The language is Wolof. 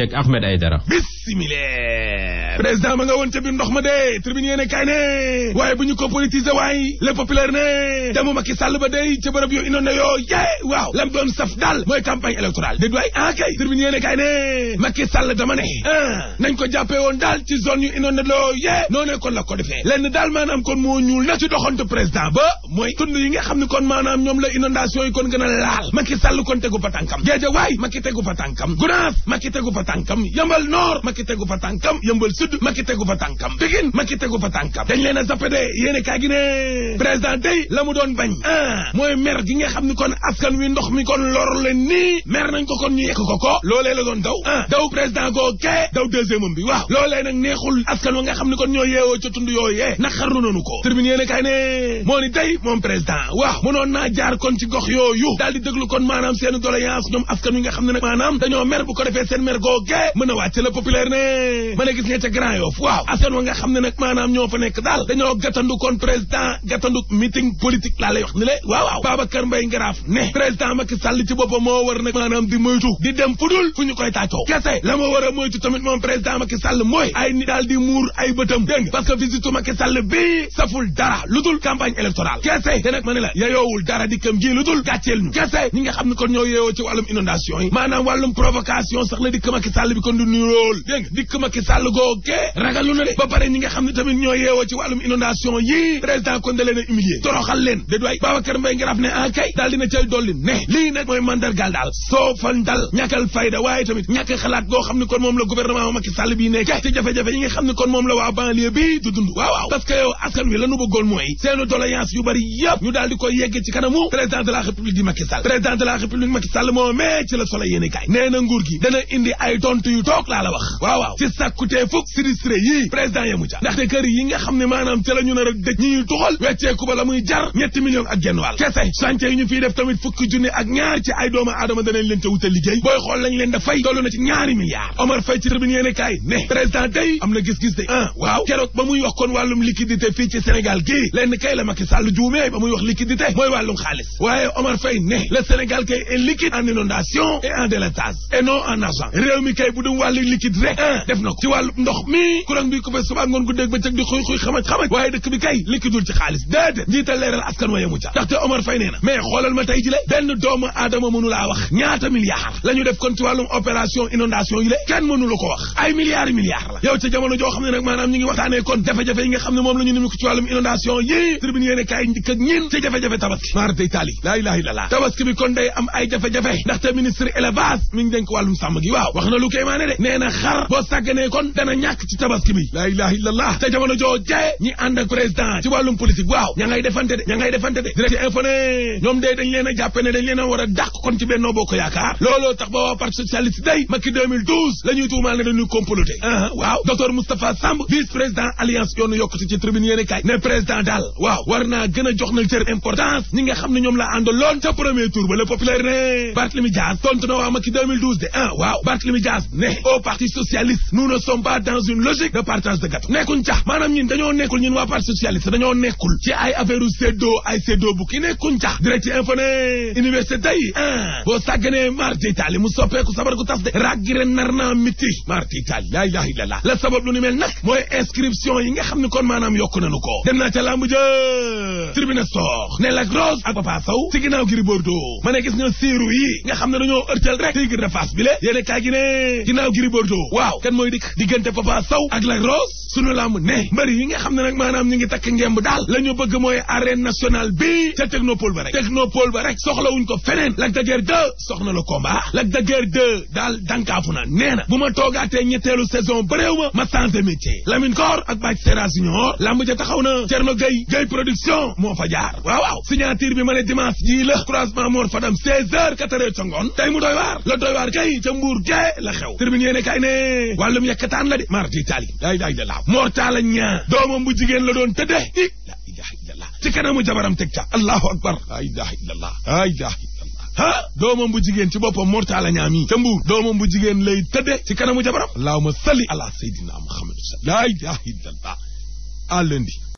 ceeg Ahmed Aidara bismillah président ma nga woon ca biir ndox ma de tribune yéene kaay ne waaye bu ñu ko politiser waaye le populaire ne demu Macky Sall ba day ca bërëb yoo indoon na yoo yee waaw lam doon saf daal mooy campagne électorale déet waay ah kay tribune yéene kaay ne Macky Sall dama ne ah nañ ko jàppee woon daal ci zone yu indoon na loo yee noonee kon la ko defee lenn daal maanaam kon moo ñuul na ci doxantu président ba mooy tund yi nga xam ne kon maanaam ñoom la inondation yi kon gën a laal Macky Sall kon tegu fa tànkam géeja waay Macky tegu fa tànkam gunaas Macky tegu fa tànkam yëmbal noor Macky tegu fa tànkam yëmbal sud Macky tegu fa tànkam Pikine Macky tegu fa tànkam dañ leen a zappe de yéene kaa gi ne président day la mu doon bañ ah mooy mer gi nga xam ni kon askan wi ndox mi kon lor leen nii mer nañ ko kon ñu yekk ko ko loolee la doon daw ah daw président koo kee daw deuxième am bi waaw loolee nag neexul askan wa nga xam ni kon ñoo yeewoo ca tund yooyee naqarlu nanu ko tribune yéene kaay ne moo ni day moom président waaw mënoon naa jaar kon ci gox yooyu daal di déglu kon maanaam googee mën a wàcc la populaire ne mën a wa xam ne nag maanaam ñoo fa nekk daal dañoo gàttandu kon président gàttandu meeting politique laa lay wax ni le waaw waaw Babacar Mbaye Ngaraaf ne président Macky Sall ci boppam moo war nag maanaam di moytu di dem fu dul fu ñu koy tàccoo kese la ma war a moytu tamit moom président Macky Sall mooy ay ni daal di muur ay bëtam dégg nga parce que visitu Macky Sall bii saful dara lu dul campagne électorale kese te nag ma ne la yeyoowul Macky Sall bi kon du nuróol dégg nga dikk Macky Sall googee ragalu na de ba pare ñi nga xam ne tamit ñoo yeewoo ci wàllum inondation yii président kon da leen a humilier toroxal leen déet waay Babacar Mbaye Ngaraaf ne ah kay dina cay dolli ne lii nag mooy mandargaal daal soo fal dal ñàkkal fayda waaye tamit ñàkk xalaat goo xam ne kon moom la gouvernement Macky Sall bii nekke ci jafe-jafe yi nga xam ne kon moom la waa banlieue bii du dund waaw waaw parce que yow di koy yegg ci ay tontu yu toog laa la wax waaw waaw ci sàkkutee fukk sinistré yii président yemu ca ndaxte kër yi nga xam ne maanaam ci la ñu nar a dëj ñi tuxal wecceeku ba la muy jar ñetti millions ak genn wàll kese chantier yi ñu fiy def tamit fukki junne ak ñaar ci ay doomu aadama danañ leen ca wutal liggéey booy xool lañ leen da fay na ci ñaari milliards Omar Faye ci tribune yéene ne président day am na gis-gis de un ah, waaw keroog ba muy wax kon wàllum réew mi kay bu dum wàllu liquide rek ah, def na ko ci wàllu ndox mi courant bi ko fay suba ngoon gu dégg ba cëg di xuy xuy xamaj xamaj waaye dëkk bi kay liquidul ci xaalis déedéet njiital leeral askan waye mu ca ndaxte Omar Faye nee na mais xoolal ma tey ji la benn doomu aadama mënu laa wax ñaata milliards la ñu def kon ci wàllum opération inondation yi la kenn mënu la ko wax ay milliards milliards la yow ca jamono joo xam ne nag maanaam ñu ngi waxtaanee kon jafe-jafe yi nga xam ne moom la ñu nimiku ci wàllum inondation yi tribune yéene kaay njëkk ak ñin ci jafe-jafe tabaski maar day taali laa ilaha illallah tabaski bi kon day am ay jafe-jafe ndaxte ministre élevage mi ngi dénk wàllum sàmm gi waaw wax na lu kéemaane de nee na xar boo sàgganee kon dana ñàkk ci tabaski bi laa ilaha illallah te jamono joo ñi ànd président ci wàllum politique waaw ña ngay defante de ña ngay defante de direct info ne ñoom de dañ leen a ne dañ leen a war a dàq kon ci Benno Bokk Yaakaar looloo tax ba waa parti socialiste day Macky 2012 la ñuy tuumaal ne dañuy comploter a uh-huh, waaw docteur Moustapha Samb vice président alliance yoonu yokkute ci tribune yéene kaay ne président daal waaw xam ne ñoom la àndaloon Barthélemy Dias ne au parti socialiste nous ne sommes pas dans une logique de partage de gâteau nekkuñ cax maanaam dañoo nekkul ñun waa parti socialiste dañoo ci ay affaire u séddoo ay séddoo bu ki nekkuñ cax direct info ne université day a boo sàgganee marti itali mu soppeeku sabar gu tas de raggi ren nar naa miti marti la sabab lu ni mel nag mooy inscription yi nga xam ne kon maanaam yokk nañu ko dem naa ca lamb ja tribune sport ne la rose ak papa saw ci ginnaaw giri bordeaux ma ne gis nga siiru yi nga xam ne dañoo ërtal rek tigre de face bi le ginnaaw Gris Bordeaux waaw kan mooy dikk diggante Papa Sow ak Lac Rose sunu làmb ne mbëri yi nga xam ne nag maanaam ñu ngi takk ngemb daal la ñu bëgg mooy arène nationale bi ca technopole ba rek technopole ba rek soxlawuñ ko feneen Lac de Guiers 2 soxna la combat Lac de Guiers 2 daal dankaafu na nee na bu ma toogaatee ñeteelu saison bëréew ma ma santé métier Lamine Koor ak Bac Sera Junior làmb ja taxaw na Cerno Gay Gay production moo fa jaar waaw waaw signature bi ma ne dimanche jii la croisement Mor Fadam 16 heures 4 heures sa ngoon mu doy la doy waar kay ca mbuur gee waaw Mor Talla Niang doomam bu jigéen la doon tëdde i la ilaha illallah ci kanamu jabaram teg ca allahu akbar la ilaha illallah la ilaha illallah ah doomam bu jigéen ci boppam Mor Talla Niang mi ca Mbuur doomam bu jigéen lay tëdde ci kanamu jabaram allahumma salli ala sayyidina muhammad la ilaha illallah à lundi